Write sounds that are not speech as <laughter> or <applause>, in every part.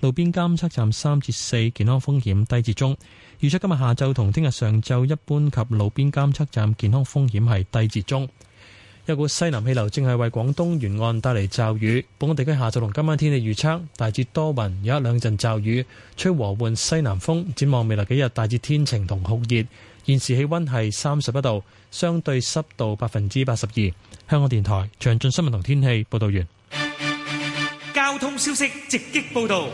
路邊監測站三至四健康風險低至中，預測今日下晝同聽日上晝一般及路邊監測站健康風險係低至中。一股西南氣流正係為廣東沿岸帶嚟驟雨，本港地區下晝同今晚天氣預測大致多雲，有一兩陣驟雨，吹和緩西南風。展望未來幾日大致天晴同酷熱，現時氣温係三十一度，相對濕度百分之八十二。香港電台詳盡新聞同天氣報道完。交通消息直擊報道，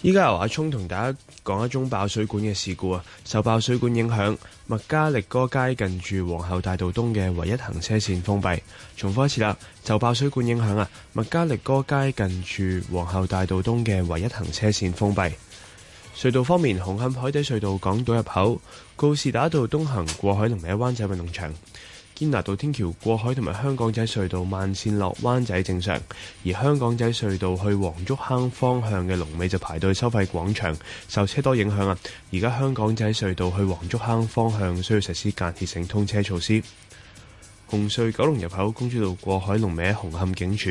依家由阿聰同大家講一宗爆水管嘅事故啊！受爆水管影響，麥加力哥街近住皇后大道東嘅唯一行車綫封閉。重複一次啦，受爆水管影響啊，麥加力哥街近住皇后大道東嘅唯一行車綫封閉。隧道方面，紅磡海底隧道港島入口、告士打道東行過海同埋灣仔運動場。堅拿道天橋過海同埋香港仔隧道慢綫落灣仔正常，而香港仔隧道去黃竹坑方向嘅龍尾就排隊收費廣場，受車多影響啊！而家香港仔隧道去黃竹坑方向需要實施間歇性通車措施。紅隧九龍入口公主道過海龍尾喺紅磡警署，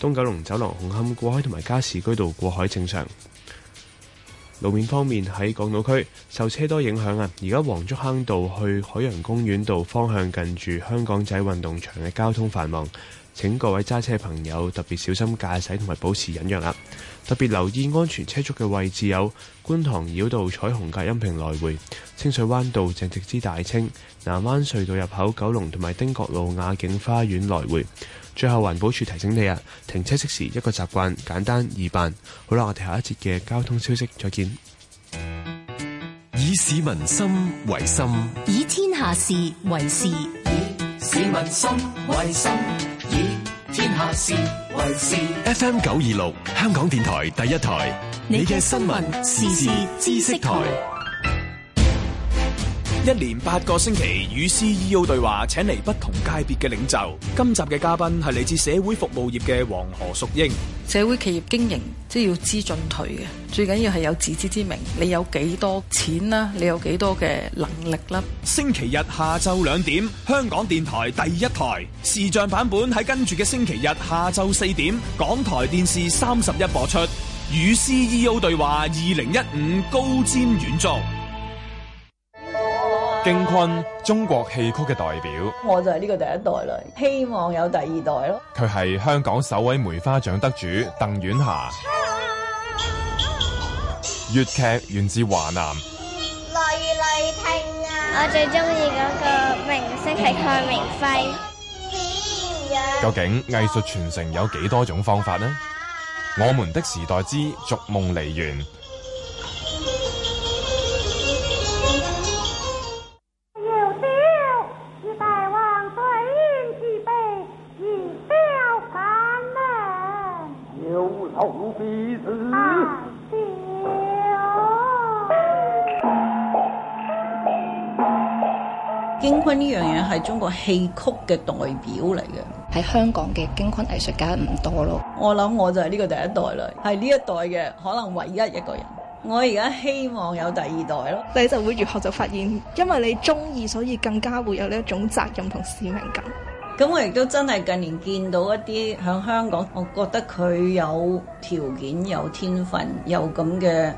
東九龍走廊紅磡過海同埋加士居道過海正常。路面方面喺港島區受車多影響啊，而家黃竹坑道去海洋公園道方向近住香港仔運動場嘅交通繁忙，請各位揸車朋友特別小心駕駛同埋保持忍讓啦。特別留意安全車速嘅位置有觀塘繞道彩虹隔音屏來回、清水灣道正直之大清南灣隧道入口、九龍同埋汀角路雅景花園來回。最後環保署提醒你啊，停車熄匙，一個習慣，簡單易辦。好啦，我哋下一節嘅交通消息再見。以市民心為心，以天下事為事。以市民心為心，以天下事為事。F.M. 九二六，香港電台第一台，你嘅新聞時事知識台。一連八個星期與 C E O 對話，請嚟不同界別嘅領袖。今集嘅嘉賓係嚟自社會服務業嘅黃何淑英。社會企業經營即係要知進退嘅，最緊要係有自知之明。你有幾多錢啦？你有幾多嘅能力啦？星期日下晝兩點，香港電台第一台視像版本喺跟住嘅星期日下晝四點，港台電視三十一播出《與 C E O 對話二零一五高瞻遠矚》。京昆中國戲曲嘅代表，我就係呢個第一代啦。希望有第二代咯。佢係香港首位梅花獎得主鄧婉霞。粵劇 <laughs> 源自華南。類類聽啊、我最中意嗰個明星係向明輝。究竟藝術傳承有幾多種方法呢？ <laughs> 我們的時代之續夢梨園。係中國戲曲嘅代表嚟嘅，喺香港嘅京昆藝術家唔多咯。我諗我就係呢個第一代啦，係呢一代嘅可能唯一一個人。我而家希望有第二代咯，你就會越學就發現，因為你中意，所以更加會有呢一種責任同使命感。咁我亦都真係近年見到一啲響香港，我覺得佢有條件、有天分、有咁嘅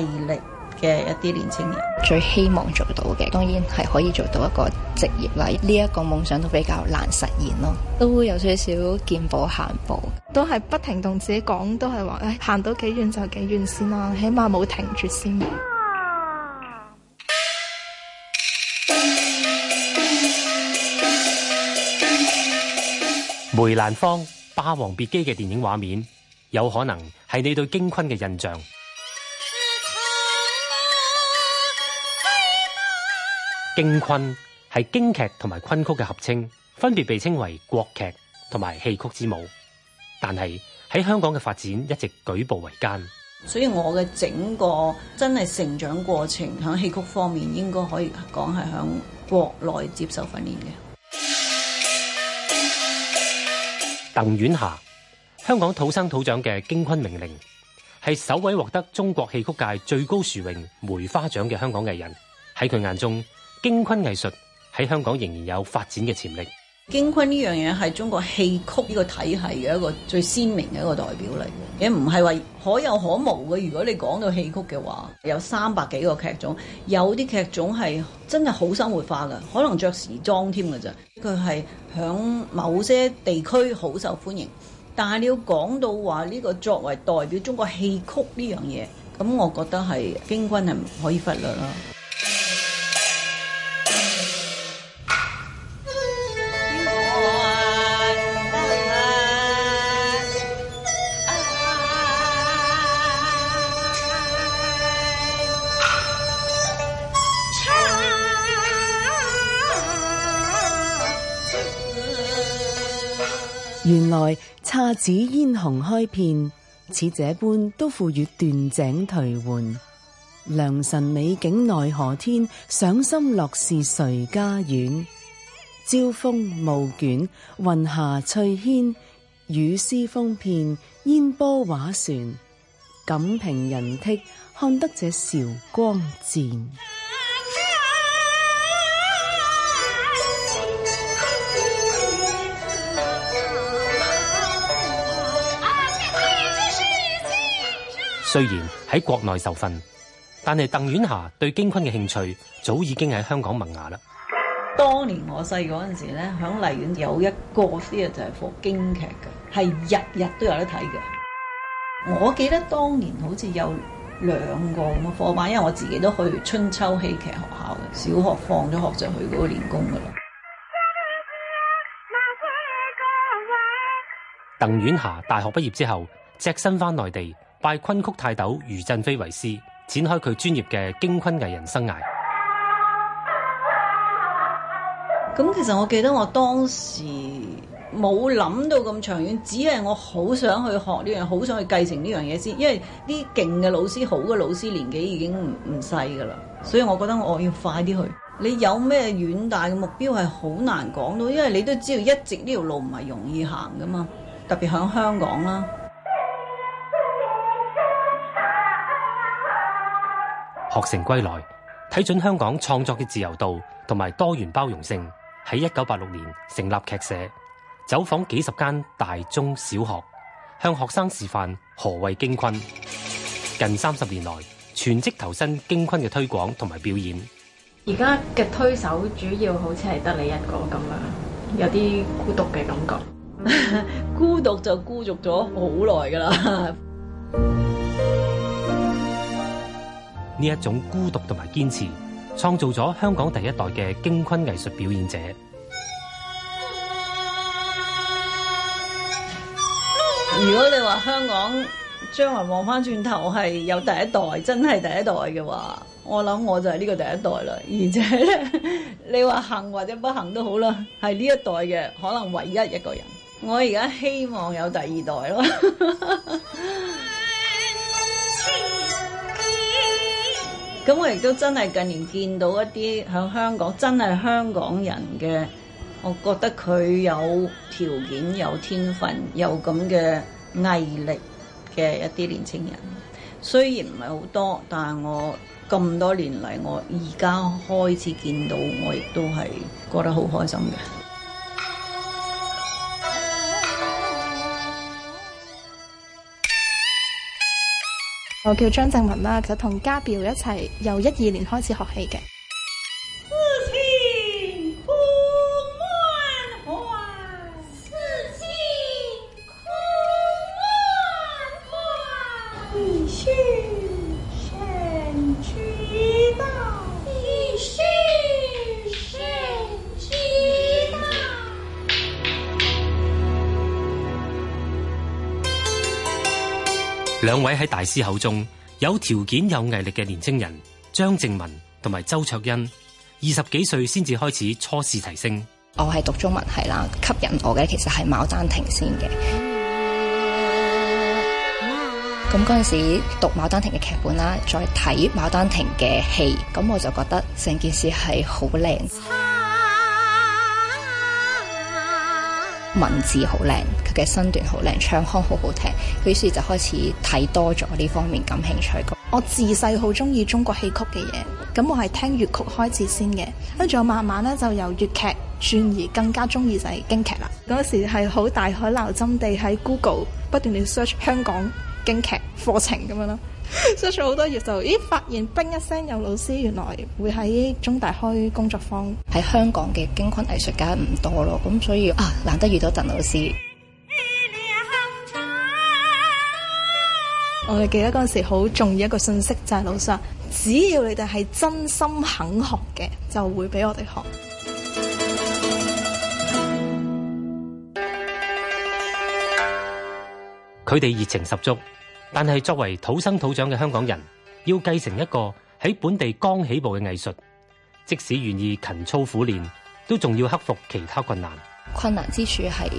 毅力。嘅一啲年青人最希望做到嘅，當然係可以做到一個職業啦。呢一個夢想都比較難實現咯，都會有少少見步行步，都係不停同自己講，都係話誒，行到幾遠就幾遠先啦，起碼冇停住先。梅蘭芳《霸王別姬》嘅電影畫面，有可能係你對京昆嘅印象。京昆係京劇同埋崑曲嘅合稱，分別被稱為國劇同埋戲曲之母。但係喺香港嘅發展一直舉步維艱。所以我嘅整個真係成長過程，響戲曲方面應該可以講係響國內接受訓練嘅。鄧婉霞，香港土生土長嘅京昆名伶，係首位獲得中國戲曲界最高殊榮梅花獎嘅香港藝人。喺佢眼中。京昆藝術喺香港仍然有發展嘅潛力。京昆呢樣嘢係中國戲曲呢個體系嘅一個最鮮明嘅一個代表嚟嘅，你唔係話可有可無嘅。如果你講到戲曲嘅話，有三百幾個劇種，有啲劇種係真係好生活化噶，可能着時裝添噶咋，佢係響某些地區好受歡迎。但係你要講到話呢個作為代表中國戲曲呢樣嘢，咁我覺得係京昆係唔可以忽略咯。原來姹紫嫣紅開遍，似這般都付與斷井頹垣。良辰美景奈何天，賞心樂事誰家院？朝風暮卷，雲霞翠軒；雨絲風片，煙波畫船。錦屏人忒看得這韶光賤。雖然喺國內受訓，但係鄧婉霞對京昆嘅興趣早已經喺香港萌芽啦。在芽當年我細嗰陣時咧，響荔園，有一個師姐，就係學京劇嘅，係日日都有得睇嘅。我記得當年好似有兩個咁嘅課班，因為我自己都去春秋戲劇學校嘅，小學放咗學就去嗰度練功噶啦。鄧婉霞大學畢業之後，只身翻內地。拜崑曲泰斗余振飛為師，展開佢專業嘅京昆藝人生涯。咁其實我記得我當時冇諗到咁長遠，只係我好想去學呢樣，好想去繼承呢樣嘢先。因為啲勁嘅老師、好嘅老師，年紀已經唔唔細噶啦，所以我覺得我要快啲去。你有咩遠大嘅目標係好難講到，因為你都知道一直呢條路唔係容易行噶嘛，特別響香港啦。學成歸來，睇準香港創作嘅自由度同埋多元包容性，喺一九八六年成立劇社，走訪幾十間大中小學，向學生示範何謂京昆。近三十年來，全職投身京昆嘅推廣同埋表演。而家嘅推手主要好似係得你一個咁樣，有啲孤獨嘅感覺。 <laughs> 孤獨就孤獨咗好耐噶啦。 <laughs> 呢一種孤獨同埋堅持，創造咗香港第一代嘅京昆藝術表演者。如果你話香港將來望翻轉頭係有第一代，真係第一代嘅話，我諗我就係呢個第一代啦。而且咧，你話行或者不行都好啦，係呢一代嘅可能唯一一個人。我而家希望有第二代咯。 <laughs> 咁我亦都真係近年見到一啲喺香港真係香港人嘅，我覺得佢有條件、有天分、有咁嘅毅力嘅一啲年青人，雖然唔係好多，但係我咁多年嚟，我而家開始見到，我亦都係覺得好開心嘅。我叫張正文啦，就同家表一齊由一二年開始學戲嘅。位喺大師口中有條件有毅力嘅年青人張靜文同埋周卓欣二十幾歲先至開始初試提升。我係讀中文系啦，吸引我嘅其實係《牡丹亭》先嘅，啊。咁嗰陣時讀《牡丹亭》嘅劇本啦，再睇《牡丹亭》嘅戲，咁我就覺得成件事係好靚。文字好靚，佢嘅身段好靚，唱腔好好聽，於是就開始睇多咗呢方面感興趣。我自細好中意中國戲曲嘅嘢，咁我係聽粵曲開始先嘅，跟住我慢慢咧就由粵劇轉移，更加中意就係京劇啦。嗰時係好大海撈針地喺 Google 不斷地 search 香港京劇課程咁樣咯。s e 咗好多嘢就，咦，發現“乒一聲”有老師，原來會喺中大開工作坊。喺香港嘅京昆藝術家唔多咯，咁所以啊，難得遇到鄧老師。 <music> 我哋記得嗰陣時好重要一個信息就係、是、老師，只要你哋係真心肯學嘅，就會俾我哋學。佢哋熱情十足。但係作為土生土長嘅香港人，要繼承一個喺本地剛起步嘅藝術，即使願意勤操苦練，都仲要克服其他困難。困難之處係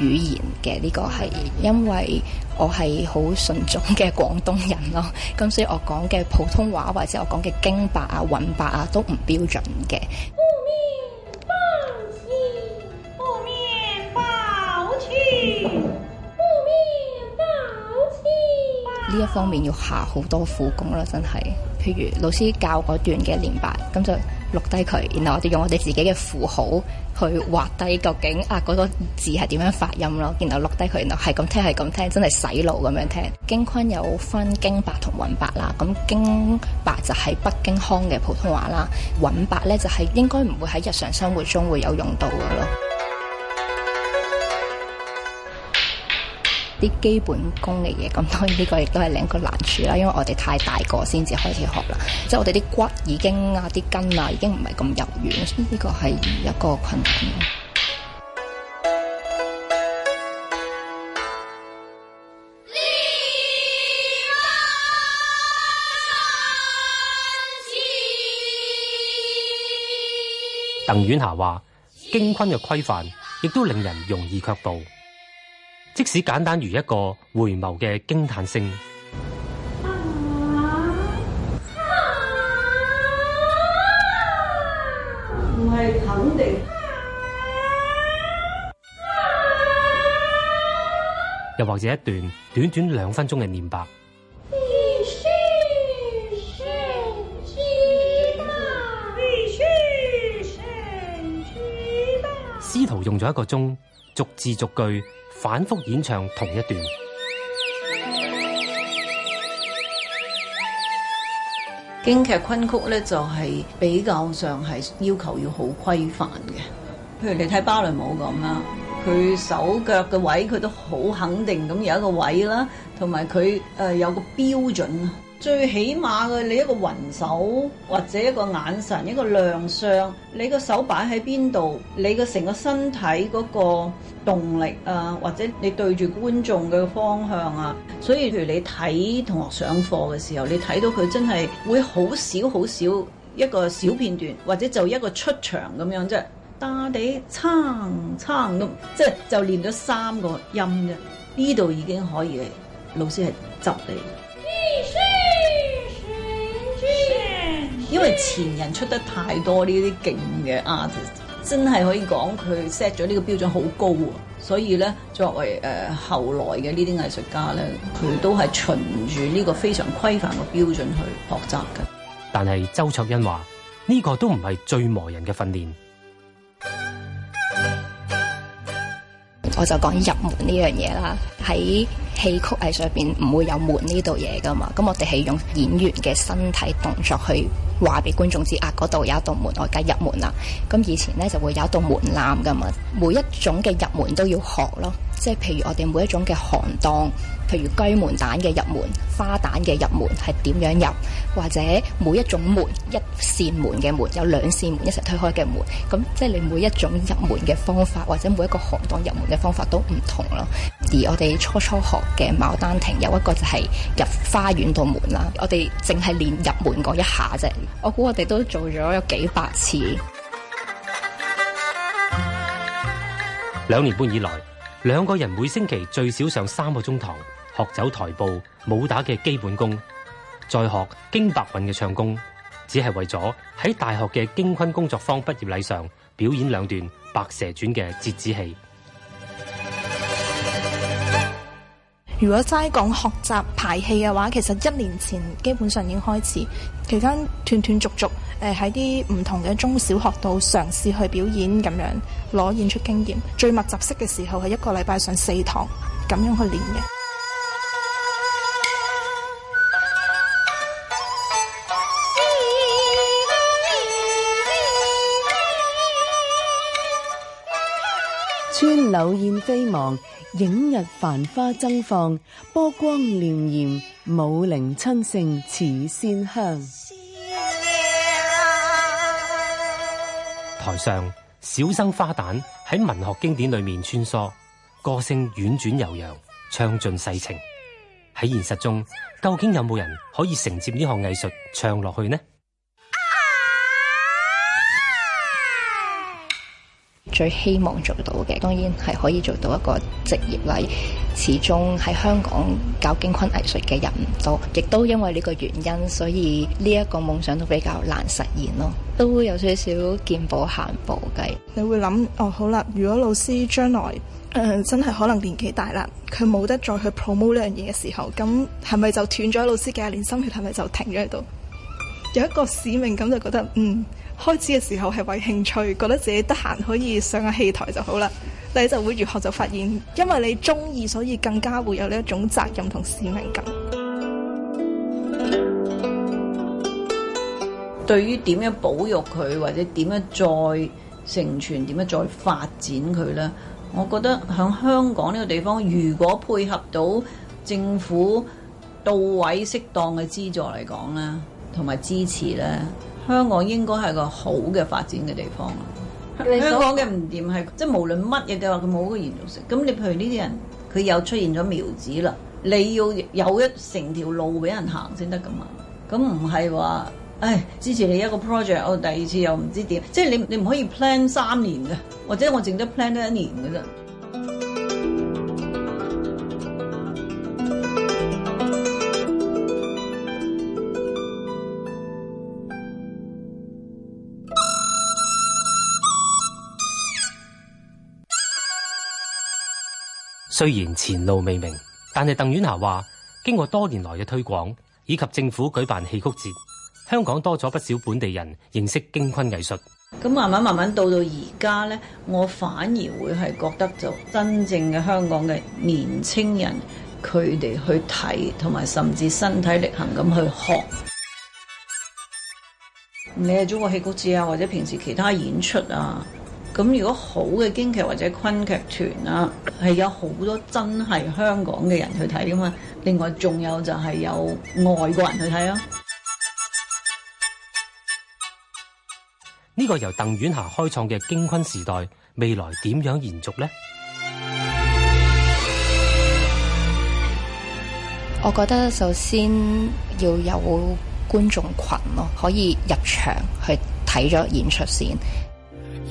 語言嘅呢個係，因為我係好純種嘅廣東人咯，咁所以我講嘅普通話或者我講嘅京白啊、韻白啊都唔標準嘅。呢一方面要下好多苦功啦，真係。譬如老師教嗰段嘅連白，咁就錄低佢，然後我哋用我哋自己嘅符號去畫低究竟啊嗰個字係點樣發音咯，然後錄低佢，然後係咁聽，係咁聽，真係洗腦咁樣聽。京昆有分京白同韻白啦，咁京白就係北京腔嘅普通話啦，韻白咧就係應該唔會喺日常生活中會有用到嘅咯。啲基本功嘅嘢，咁當然呢個亦都係另一個難處啦，因為我哋太大個先至開始學啦，即係我哋啲骨已經呀啲筋呀已經唔係咁柔軟，呢個係一個困難。鄧婉霞話，京昆嘅規範亦都令人容易卻步。即使簡單如一個回眸嘅驚嘆聲，唔係肯定。又或者一段短短兩分鐘嘅念白，師徒用咗一個鐘，逐字逐句。反覆演唱同一段。京劇崑曲咧就係、是、比較上係要求要好規範嘅，譬如你睇芭蕾舞咁啦，佢手腳嘅位佢都好肯定咁有一個位啦，同埋佢誒有，有個標準。.最起碼嘅，你一個雲手，或者一個眼神，一個亮相，你個手擺喺邊度，你個成個身體嗰個動力啊，或者你對住觀眾嘅方向啊，所以譬如你睇同學上課嘅時候，你睇到佢真係會好少好少一個小片段，或者就一個出場咁樣啫，大哋撐撐咁，即係就練、是、咗三個音啫，呢度已經可以，老師係執你。因為前人出得太多呢啲勁嘅 artist，真係可以講佢 set 咗呢個標準好高啊！所以咧，作為誒後來嘅呢啲藝術家咧，佢都係循住呢個非常規範嘅標準去學習嘅。但係周卓欣話：呢、呢個都唔係最磨人嘅訓練。我就講入門呢樣嘢啦，喺。戲曲喺上邊唔會有門呢度嘢噶嘛，咁我哋係用演員嘅身體動作去話俾觀眾知啊，嗰度有一道門我而家入門啦。咁以前呢，就會有一道門檻噶嘛，每一種嘅入門都要學咯，即係譬如我哋每一種嘅行當。譬如居門旦嘅入門、花旦嘅入門係點樣入，或者每一種門，一扇門嘅門，有兩扇門一齊推開嘅門，咁即係你每一種入門嘅方法，或者每一個行當入門嘅方法都唔同咯。而我哋初初學嘅牡丹亭有一個就係入花園度門啦，我哋淨係練入門嗰一下啫。我估我哋都做咗有幾百次。兩年半以來，兩個人每星期最少上三個鐘堂。學走台步、武打嘅基本功，再學京白韻嘅唱功，只係為咗喺大學嘅京昆工作坊畢業禮上表演兩段《白蛇傳》嘅折子戲。如果齋講學習排戲嘅話，其實一年前基本上已經開始，期間斷斷續續，誒喺啲唔同嘅中小學度嘗試去表演，咁樣攞演出經驗。最密集式嘅時候係一個禮拜上四堂，咁樣去練嘅。柳燕飛忙，映日繁花爭放；波光瀲灩，舞靈春勝似仙香。台上小生花旦喺文學經典裏面穿梭，歌聲婉轉悠揚，唱盡世情。喺現實中，究竟有冇人可以承接呢項藝術唱落去呢？最希望做到嘅，當然係可以做到一個職業啦。始終喺香港搞京昆藝術嘅人唔多，亦都因為呢個原因，所以呢一個夢想都比較難實現咯。都會有少少見步行步計。你會諗哦，好啦，如果老師將來誒、呃、真係可能年紀大啦，佢冇得再去 promote 呢樣嘢嘅時候，咁係咪就斷咗老師幾十年心血？係咪就停咗喺度？有一個使命咁就覺得嗯。開始嘅時候係為興趣，覺得自己得閒可以上下戲台就好啦。你就會越學就發現，因為你中意，所以更加會有呢一種責任同使命感。對於點樣保育佢，或者點樣再成全，點樣再發展佢呢？我覺得喺香港呢個地方，如果配合到政府到位適當嘅資助嚟講咧，同埋支持呢。香港應該係個好嘅發展嘅地方，你所香港嘅唔掂係，即係無論乜嘢嘅話，佢冇個連續性。咁你譬如呢啲人，佢又出現咗苗子啦，你要有一成條路俾人才行先得噶嘛？咁唔係話，唉，之前你一個 project，我第二次又唔知點，即係你你唔可以 plan 三年嘅，或者我淨得 plan 得一年嘅啫。雖然前路未明，但係鄧婉霞話，經過多年來嘅推廣以及政府舉辦戲曲節，香港多咗不少本地人認識京昆藝術。咁慢慢慢慢到到而家呢，我反而會係覺得就真正嘅香港嘅年青人，佢哋去睇同埋甚至身體力行咁去學。 <music> 你係做過戲曲節啊，或者平時其他演出啊？咁如果好嘅京劇或者昆劇團啊，係有好多真係香港嘅人去睇㗎嘛。另外仲有就係有外國人去睇啊。呢個由鄧婉霞開創嘅京昆時代，未來點樣延續呢？我覺得首先要有觀眾群咯，可以入場去睇咗演出先。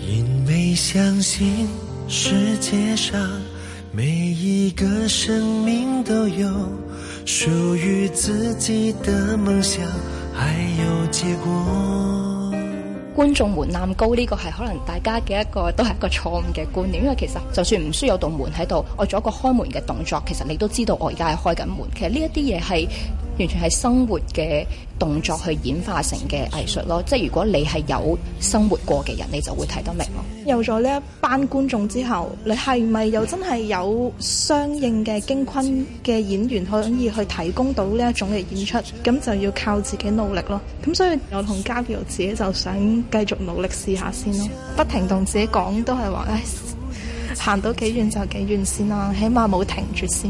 演你相信世界上每一個生命都有屬於自己的夢想還有結果觀眾門檻高呢個係可能大家嘅一個都係一個錯誤嘅觀念因為其實就算唔需要有道門喺度我做一個開門嘅動作其實你都知道我而家係開緊門其實呢一啲嘢係完全係生活嘅動作去演化成嘅藝術咯，即係如果你係有生活過嘅人，你就會睇得明咯。有咗呢一班觀眾之後，你係咪又真係有相應嘅京崑嘅演員可以去提供到呢一種嘅演出？咁就要靠自己努力咯。咁所以我同嘉喬自己就想繼續努力試下先咯，不停同自己講都係話，唉，行到幾遠就幾遠先啦，啊，起碼冇停住先。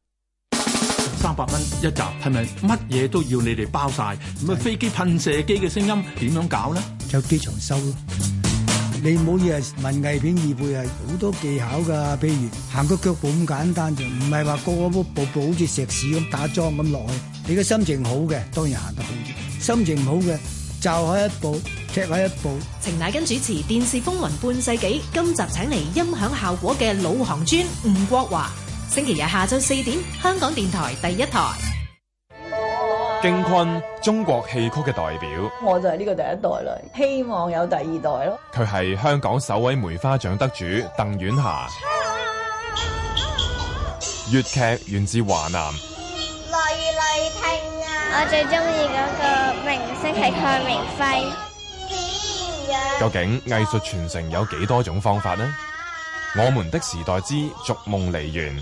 三百蚊一集，係咪乜嘢都要你哋包晒？咁啊，飛機噴射機嘅聲音點樣搞咧？就機場收咯。你唔好以為文藝片二倍係好多技巧噶，譬如行個腳步咁簡單啫，唔係話個個步步步好似石屎咁打樁咁落去。你嘅心情好嘅當然行得好啲，心情唔好嘅就開一步踢開一步。程乃根主持《電視風雲半世紀》，今集請嚟音響效果嘅老行專吳國華。星期日下晝四點，香港電台第一台。京昆，中國戲曲嘅代表，我就係呢個第一代啦。希望有第二代咯。佢係香港首位梅花獎得主鄧婉霞。啊啊、粵劇源自華南。類類聽啊、我最中意嗰個明星係向明輝。究竟藝術傳承有幾多種方法呢？啊啊、我們的時代之續夢梨園。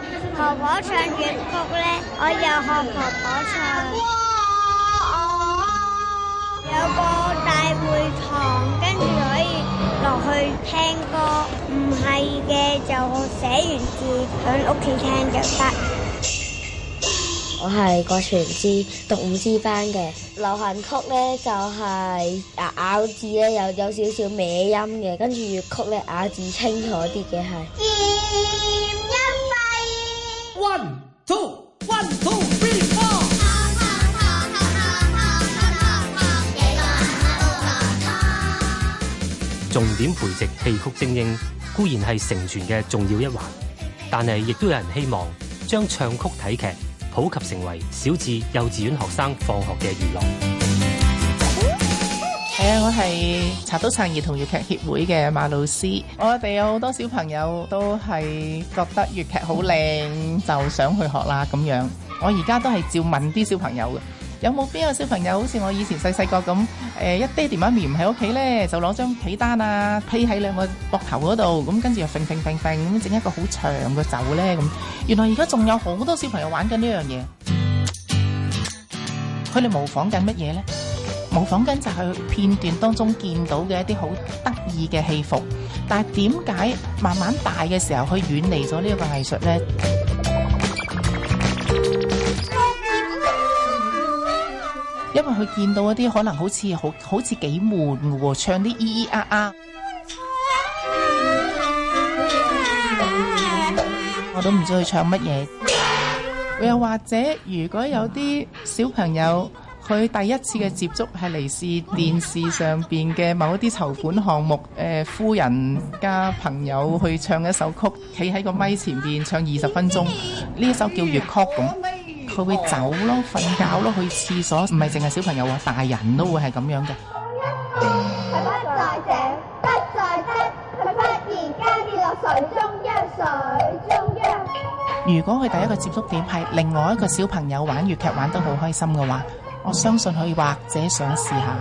婆婆唱粵曲咧，我又學婆婆唱。有個大會堂，跟住可以落去聽歌。唔係嘅就寫完字響屋企聽就得。我係國全志讀五支班嘅。流行曲咧就係咬字咧有有少少歪音嘅，跟住粵曲咧咬字清楚啲嘅係。One, two, one, two, three, four。重點培植戲曲精英固然係成全嘅重要一環，但係亦都有人希望將唱曲睇劇普及成為小至幼稚園學生放學嘅娛樂。我係查到撐兒童粵劇協會嘅馬老師，我哋有好多小朋友都係覺得粵劇好靚， <laughs> 就想去學啦咁樣。我而家都係照問啲小朋友嘅，有冇邊個小朋友好似我以前細細個咁？誒、欸，一爹哋媽咪唔喺屋企咧，就攞張被單啊披喺兩個膊頭嗰度，咁跟住又平平平平咁整一個好長嘅袖咧咁。原來而家仲有好多小朋友玩緊呢樣嘢，佢哋模仿緊乜嘢咧？模仿緊就係片段當中見到嘅一啲好得意嘅戲服，但係點解慢慢大嘅時候佢遠離咗呢個藝術呢？因為佢見到一啲可能好似好好似幾悶嘅喎，唱啲咿咿啊啊，我都唔知佢唱乜嘢。又或者如果有啲小朋友，佢第一次嘅接觸係嚟自電視上邊嘅某一啲籌款項目，誒夫人加朋友去唱一首曲，企喺個咪前邊唱二十分鐘，呢一首叫粵曲咁，佢會走咯、瞓覺咯、去廁所，唔係淨係小朋友喎，大人都會係咁樣嘅。如果佢第一個接觸點係另外一個小朋友玩粵劇玩得好開心嘅話，我相信佢或者想試下。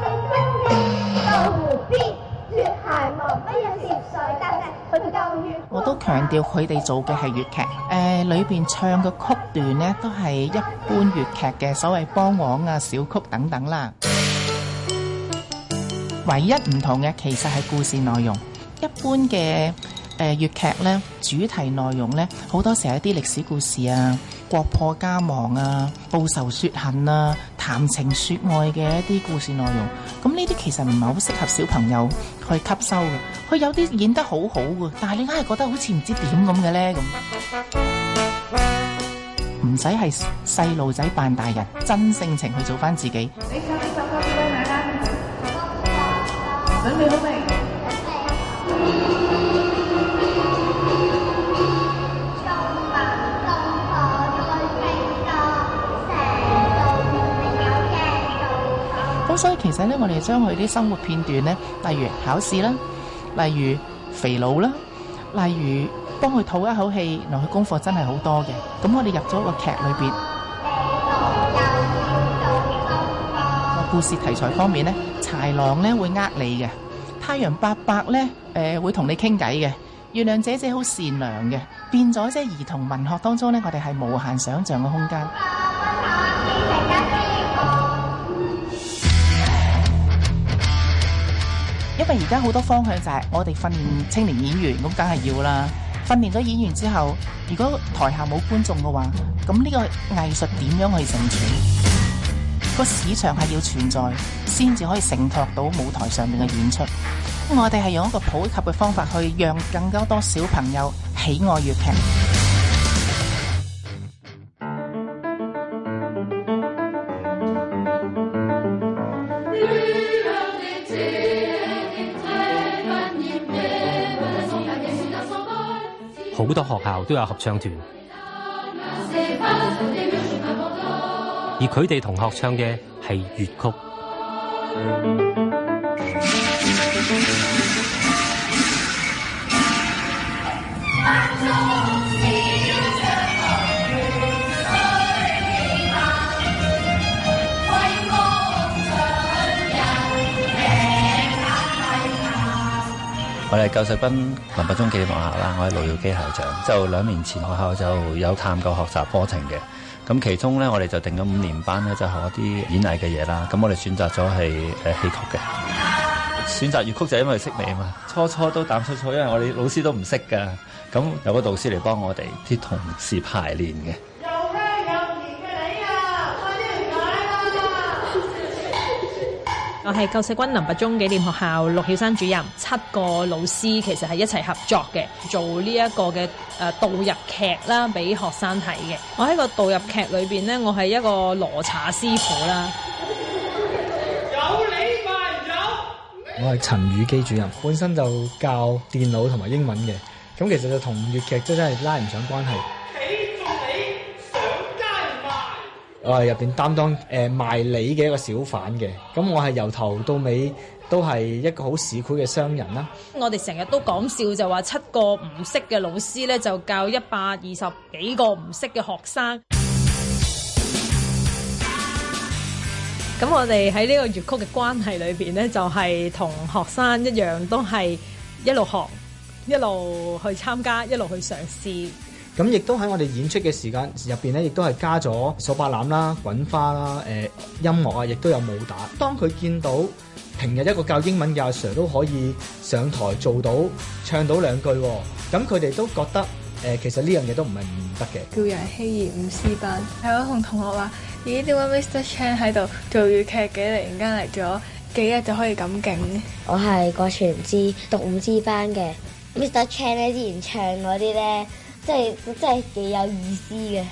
我都強調佢哋做嘅係粵劇，誒裏邊唱嘅曲段咧都係一般粵劇嘅，所謂幫王啊、小曲等等啦。唯一唔同嘅其實係故事內容，一般嘅誒粵劇咧主題內容咧好多時係一啲歷史故事啊。國破家亡啊，報仇雪恨啊，談情說愛嘅一啲故事內容，咁呢啲其實唔係好適合小朋友去吸收嘅。佢有啲演得好好嘅，但係你硬係覺得好似唔知點咁嘅咧咁。唔使係細路仔扮大人，真性情去做翻自己。 <music> 所以其實咧，我哋將佢啲生活片段咧，例如考試啦，例如肥佬啦，例如幫佢吐一口氣，嗱，佢功課真係好多嘅。咁我哋入咗個劇裏邊，個、嗯嗯嗯、故事題材方面呢、嗯、豺狼呢會呃你嘅，太陽伯伯呢誒、呃、會同你傾偈嘅，月亮姐姐好善良嘅，變咗即係兒童文學當中呢，我哋係無限想象嘅空間。因為而家好多方向就係我哋訓練青年演員，咁梗係要啦。訓練咗演員之後，如果台下冇觀眾嘅話，咁呢個藝術點樣去成全？個市場係要存在，先至可以承托到舞台上面嘅演出。我哋係用一個普及嘅方法，去讓更加多小朋友喜愛粵劇。好多學校都有合唱團，而佢哋同學唱嘅係粵曲。我係救世軍林拔中紀念學校啦，我係盧耀基校長。就兩年前學校就有探究學習課程嘅，咁其中咧我哋就定咗五年班咧就學一啲演藝嘅嘢啦。咁我哋選擇咗係誒戲曲嘅，選擇粵曲就因為識你啊嘛。初初都膽粗粗，因為我哋老師都唔識噶，咁有個導師嚟幫我哋啲同事排練嘅。我係救世軍林拔中紀念學校陸曉山主任，七個老師其實係一齊合作嘅，做呢一個嘅誒導入劇啦，俾學生睇嘅。我喺個導入劇裏邊咧，我係一個羅茶師傅啦。有你咪走！我係陳宇基主任，本身就教電腦同埋英文嘅，咁其實就同粵劇真真係拉唔上關係。我係入邊擔當誒、呃、賣梨嘅一個小販嘅，咁我係由頭到尾都係一個好市儈嘅商人啦。我哋成日都講笑就話七個唔識嘅老師咧，就教一百二十幾個唔識嘅學生。咁我哋喺呢個粵曲嘅關係裏邊咧，就係、是、同學生一樣，都係一路學，一路去參加，一路去嘗試。咁亦都喺我哋演出嘅時間入面，咧，亦都係加咗手把攬啦、滾花啦、誒、呃、音樂啊，亦都有武打。當佢見到平日一個教英文嘅阿 Sir 都可以上台做到唱到兩句，哦，咁佢哋都覺得誒、呃、其實呢樣嘢都唔係唔得嘅。叫人希怡五 C 班，係我同同學話：咦，點解 Mr Chan 喺度做粵劇嘅？突然間嚟咗幾日就可以咁勁？我係郭全知讀五 C 班嘅。Mr Chan 咧之前唱嗰啲咧。即係，真係幾有意思嘅。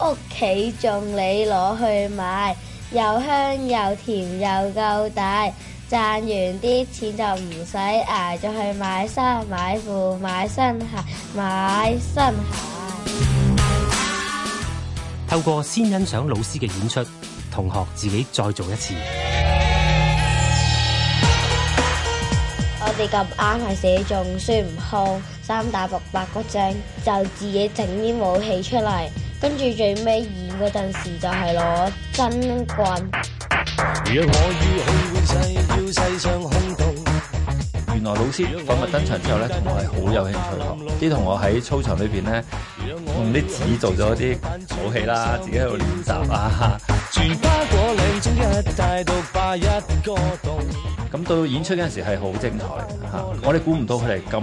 屋企仲你攞去買，又香又甜又夠大，賺完啲錢就唔使捱，再去買衫、買褲、買新鞋、買新鞋。透過先欣賞老師嘅演出，同學自己再做一次。我哋咁啱係寫中孫悟空，三打白骨精，就自己整啲武器出嚟，跟住最尾演嗰陣時就係攞真棍。原來老師粉墨登場之後呢，同學係好有興趣學。啲同學喺操場裏面呢，面用啲紙做咗啲武器啦，自己喺度練習啊。咁到演出嗰陣時係好精彩吓，我哋估唔到佢哋咁。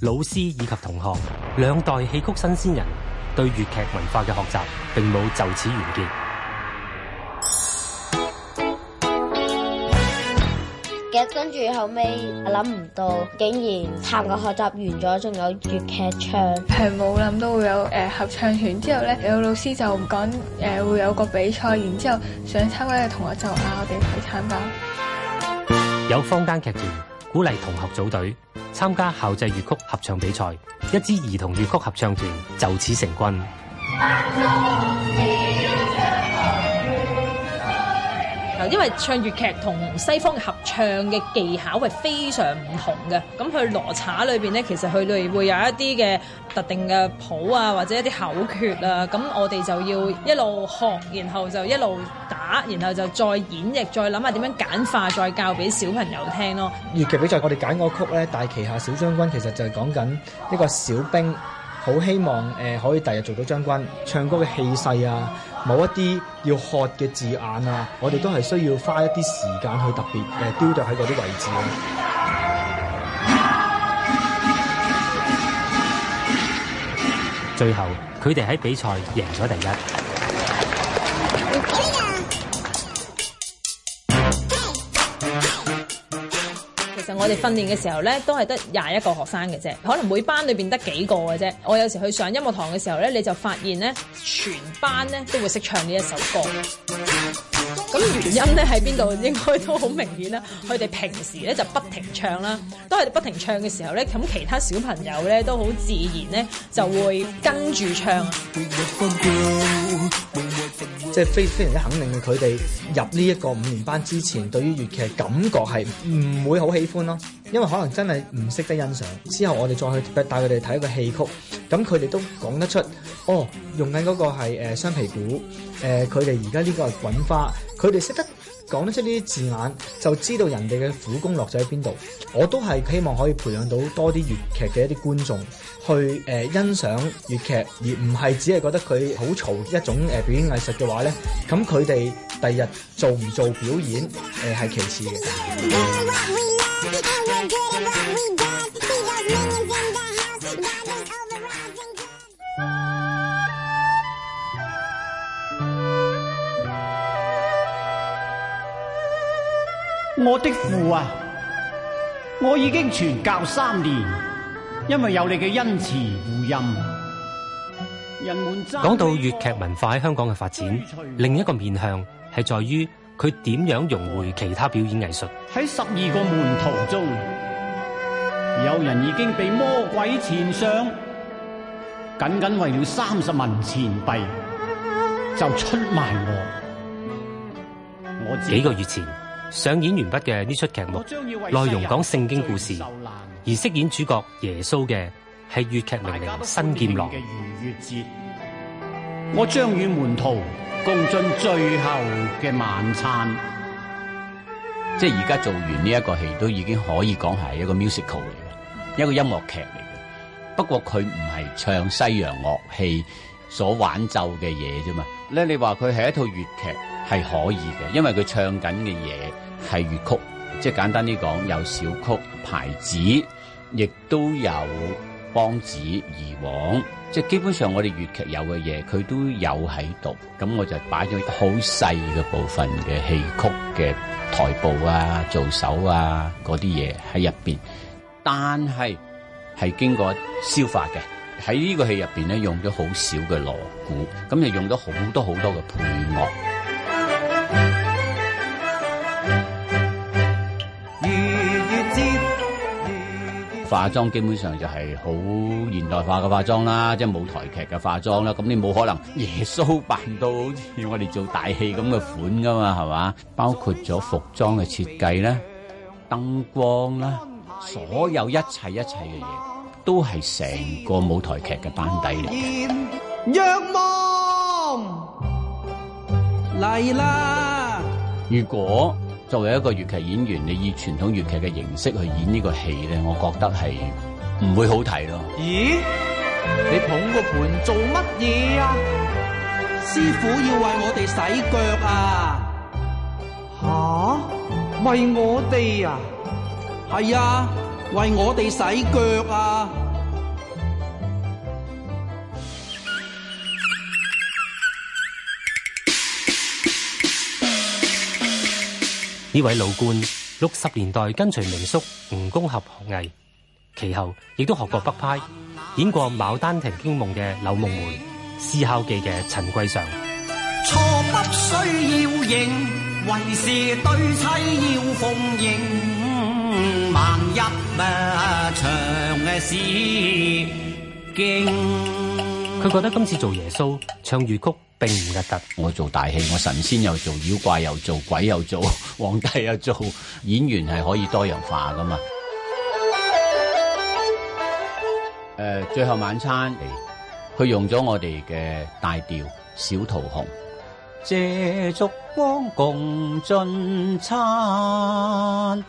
老師以及同學兩代戲曲新鮮人對粵劇文化嘅學習，並冇就此完結。嘅跟住後尾，我諗唔到竟然參個學習完咗，仲有粵劇唱係冇諗到會有誒、呃、合唱團。之後咧，有老師就唔講誒、呃、會有個比賽，然之後想參加嘅同學就嗌我哋去參加。有坊間劇團。鼓勵同學組隊參加校際粵曲合唱比賽，一支兒童粵曲合唱團就此成軍。因為唱粵劇同西方嘅合唱嘅技巧係非常唔同嘅，咁佢羅查裏邊呢，其實佢哋會有一啲嘅特定嘅譜啊，或者一啲口訣啊，咁我哋就要一路學，然後就一路打。然後就再演繹，再諗下點樣簡化，再教俾小朋友聽咯。粵劇比賽，我哋揀嗰曲咧，《大旗下小將軍》其實就係講緊一個小兵，好希望誒、呃、可以第日做到將軍。唱歌嘅氣勢啊，某一啲要學嘅字眼啊，我哋都係需要花一啲時間去特別誒雕琢喺嗰啲位置，啊。最後，佢哋喺比賽贏咗第一。訓練嘅時候咧，都係得廿一個學生嘅啫，可能每班裏邊得幾個嘅啫。我有時去上音樂堂嘅時候咧，你就發現咧，全班咧都會識唱呢一首歌。咁 <laughs> 原因咧喺邊度？應該都好明顯啦。佢哋平時咧就不停唱啦，都係不停唱嘅時候咧，咁其他小朋友咧都好自然咧就會跟住唱。 <laughs> <laughs> 即係非非常之肯定，佢哋入呢一個五年班之前，對於粵劇感覺係唔會好喜歡咯，因為可能真係唔識得欣賞。之後我哋再去帶佢哋睇一個戲曲，咁佢哋都講得出，哦，用緊嗰、呃、個係誒雙皮鼓，誒佢哋而家呢個係滾花，佢哋識得。講得出呢啲字眼，就知道人哋嘅苦功落咗喺邊度。我都係希望可以培養到多啲粵劇嘅一啲觀眾，去誒、呃、欣賞粵劇，而唔係只係覺得佢好嘈一種誒、呃、表演藝術嘅話咧，咁佢哋第日做唔做表演誒係、呃、其次嘅。嗯。我的父啊，我已經傳教三年，因為有你嘅恩慈護蔭。講到粵劇文化喺香港嘅發展，另一個面向係在於佢點樣融回其他表演藝術。喺十二個門徒中，有人已經被魔鬼纏上，僅僅為了三十文錢幣就出賣我。我幾個月前。上演完畢嘅呢出劇目，內容講聖經故事，而飾演主角耶穌嘅係粵劇名伶新劍郎。我將與門徒共進最後嘅晚餐，即係而家做完呢一個戲都已經可以講係一個 musical 嚟嘅，一個音樂劇嚟嘅。不過佢唔係唱西洋樂器所挽奏嘅嘢啫嘛。咧，你話佢係一套粵劇。係可以嘅，因為佢唱緊嘅嘢係粵曲，即係簡單啲講，有小曲牌子，亦都有梆子二簧，即係基本上我哋粵劇有嘅嘢，佢都有喺度。咁我就擺咗好細嘅部分嘅戲曲嘅台步啊、做手啊嗰啲嘢喺入邊，但係係經過消化嘅。喺呢個戲入邊咧，用咗好少嘅鑼鼓，咁就用咗好多好多嘅配樂。化妝基本上就係好現代化嘅化妝啦，即係舞台劇嘅化妝啦。咁你冇可能耶穌扮到好似我哋做大戲咁嘅款㗎嘛，係嘛？包括咗服裝嘅設計啦、燈光啦，所有一切一切嘅嘢都係成個舞台劇嘅班底嚟嘅。若望嚟啦！如果。作為一個粵劇演員，你以傳統粵劇嘅形式去演呢個戲咧，我覺得係唔會好睇咯。咦？你捧個盤做乜嘢啊？師傅要為我哋洗腳啊！吓？為我哋啊？係啊，為我哋洗腳啊！呢位老官，六十年代跟隨明叔吳公俠學藝，其後亦都學過北派，演過《牡丹亭驚夢》嘅柳夢梅，《思孝記》嘅陳桂常。錯不需要認，為是對妻要奉迎。萬一咩長嘅事經？佢覺得今次做耶穌唱粵曲。並唔得，我做大戲，我神仙又做，妖怪又做，鬼又做，皇帝又做，演員係可以多元化噶嘛？誒、呃，最後晚餐，佢用咗我哋嘅大調小桃紅，借燭光共進餐，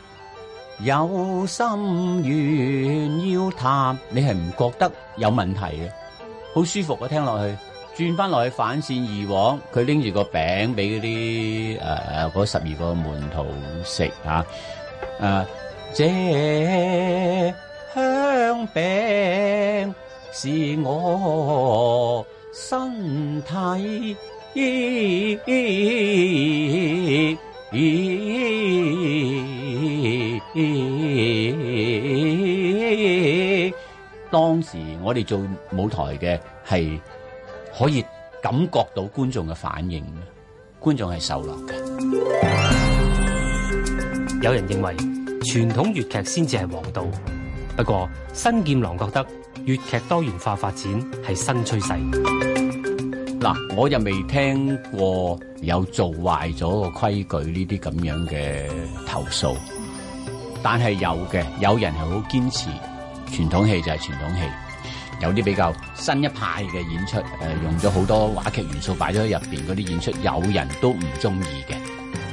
有心願要談，你係唔覺得有問題嘅？好舒服啊，聽落去。轉翻落去反線而往，佢拎住個餅俾嗰啲嗰十二個門徒食嚇。誒、啊，啊、這香餅是我身體。當時我哋做舞台嘅係。可以感覺到觀眾嘅反應，觀眾係受落嘅。有人認為傳統粵劇先至係王道，不過新劍郎覺得粵劇多元化發展係新趨勢。嗱，我又未聽過有做壞咗個規矩呢啲咁樣嘅投訴，但係有嘅，有人係好堅持傳統戲就係傳統戲。有啲比較新一派嘅演出，誒用咗好多話劇元素擺咗喺入邊。嗰啲演出有，有人都唔中意嘅，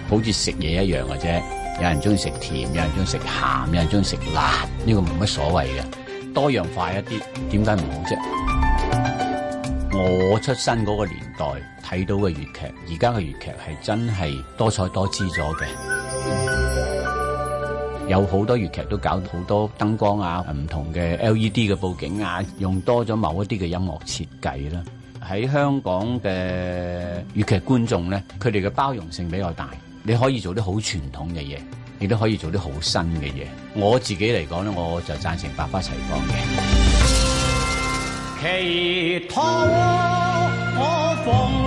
好似食嘢一樣嘅啫。有人中意食甜，有人中意食鹹，有人中意食辣，呢、呢個冇乜所謂嘅，多樣化一啲，點解唔好啫？我出生嗰個年代睇到嘅粵劇，而家嘅粵劇係真係多彩多姿咗嘅。有好多粵劇都搞好多燈光啊，唔同嘅 LED 嘅佈景啊，用多咗某一啲嘅音樂設計啦。喺香港嘅粵劇觀眾咧，佢哋嘅包容性比較大，你可以做啲好傳統嘅嘢，亦都可以做啲好新嘅嘢。我自己嚟講咧，我就贊成百花齊放嘅。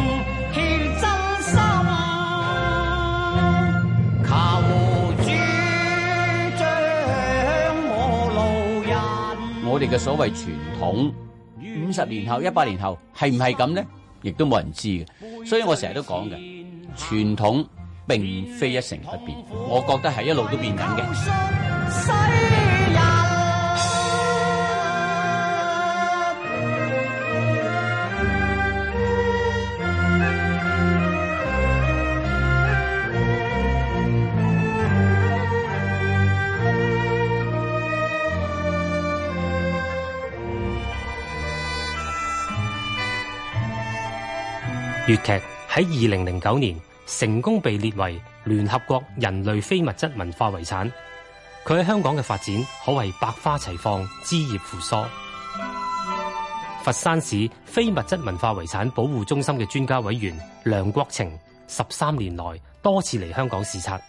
我哋嘅所謂傳統，五十年後、一百年後，係唔係咁呢？亦都冇人知嘅。所以我成日都講嘅，傳統並非一成不變，我覺得係一路都變緊嘅。粵劇喺二零零九年成功被列為聯合國人類非物質文化遺產。佢喺香港嘅發展可謂百花齊放、枝葉扶疏。佛山市非物質文化遺產保護中心嘅專家委員梁國晴十三年來多次嚟香港視察。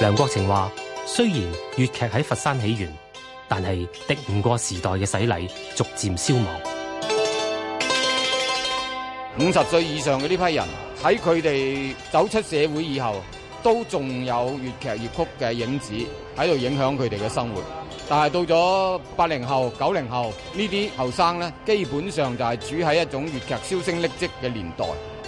梁國晴話：雖然粵劇喺佛山起源，但係敵唔過時代嘅洗禮，逐漸消亡。五十歲以上嘅呢批人喺佢哋走出社會以後，都仲有粵劇粵曲嘅影子喺度影響佢哋嘅生活。但係到咗八零後、九零後這些年呢啲後生咧，基本上就係處喺一種粵劇銷聲匿迹嘅年代。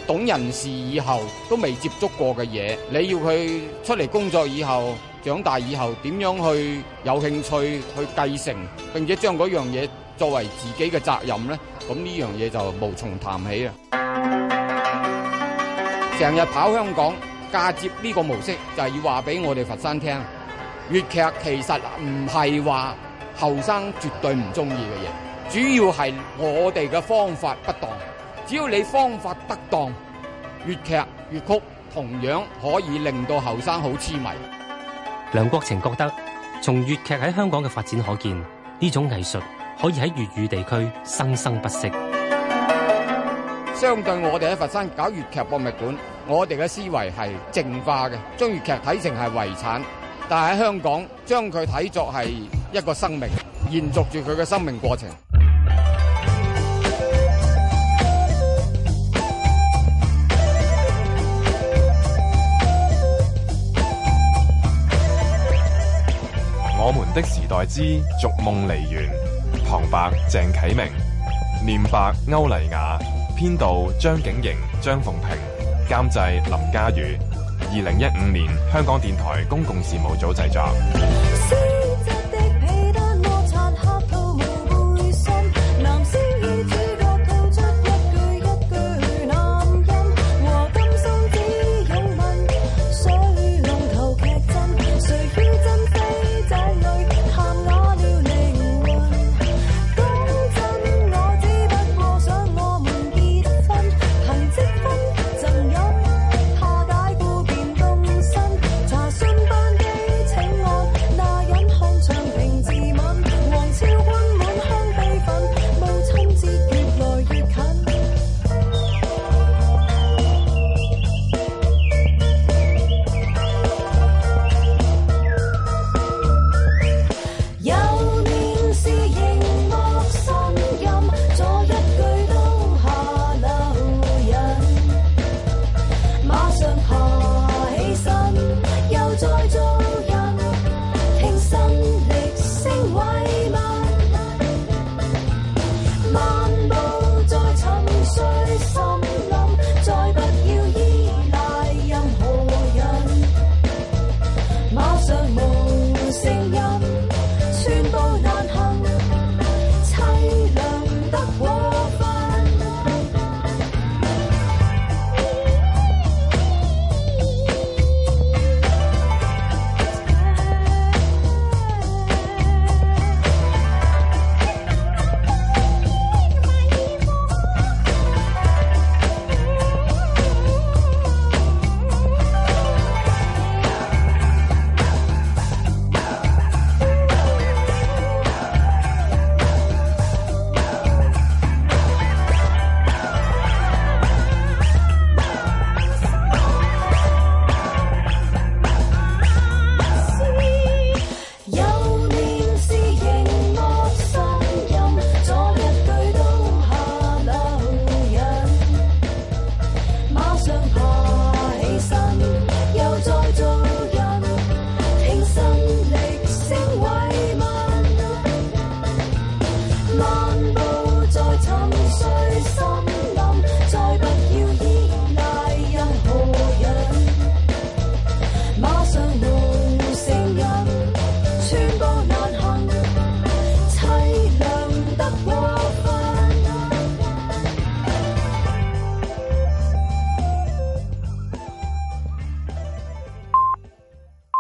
懂人事以後都未接觸過嘅嘢，你要佢出嚟工作以後，長大以後點樣去有興趣去繼承，並且將嗰樣嘢。作為自己嘅責任呢，咁呢樣嘢就無從談起啊！成日跑香港嫁接呢個模式，就係要話俾我哋佛山聽。粵劇其實唔係話後生絕對唔中意嘅嘢，主要係我哋嘅方法不當。只要你方法得當，粵劇粵曲同樣可以令到後生好痴迷。梁國情覺得，從粵劇喺香港嘅發展可見，呢種藝術。可以喺粵語地區生生不息。相對我哋喺佛山搞粵劇博物館，我哋嘅思維係淨化嘅，將粵劇睇成係遺產，但係喺香港將佢睇作係一個生命，延續住佢嘅生命過程。我們的時代之續夢梨園。旁白：鄭啟明，念白：歐麗雅，編導：張景瑩、張鳳平，監製：林嘉宇。二零一五年香港電台公共事務組製作。